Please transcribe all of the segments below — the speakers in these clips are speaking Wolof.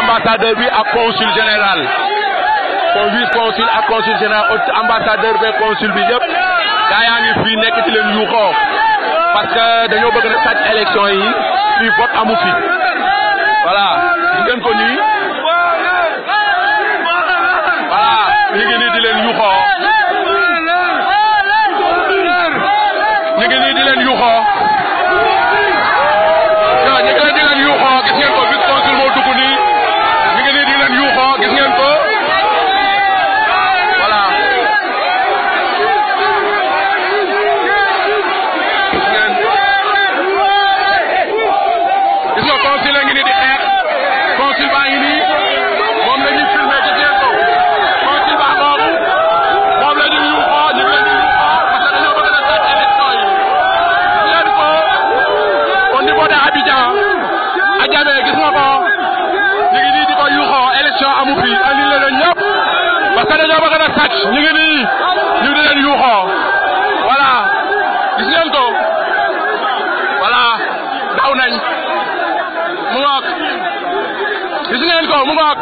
ambassadeur bi consul général vice consul à consul général ambassadeur bi consul bi yep. a parce que na élection yi vote amu fi voilà je ngeen demee gis nga ko ñu ngi nii di ko yuuxoo élection amu fi annulé leen ñëpp parce que dañoo bëgg a sàcc ñu ngi nii ñu di leen yuuxoo voilà gis ngeen ko voilà daw mu ngoog gis ngeen ko mu ngoog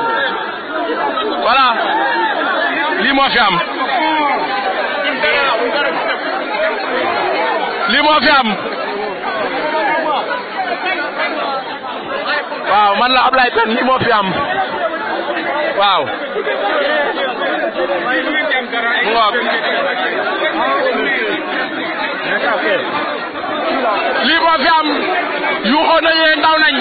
voilà lii moo fi lii moo fi waaw man la Ablaye Pène lii moo fi am waaw ngoog lii moo fi am yuuxoo nañu ndaw nañ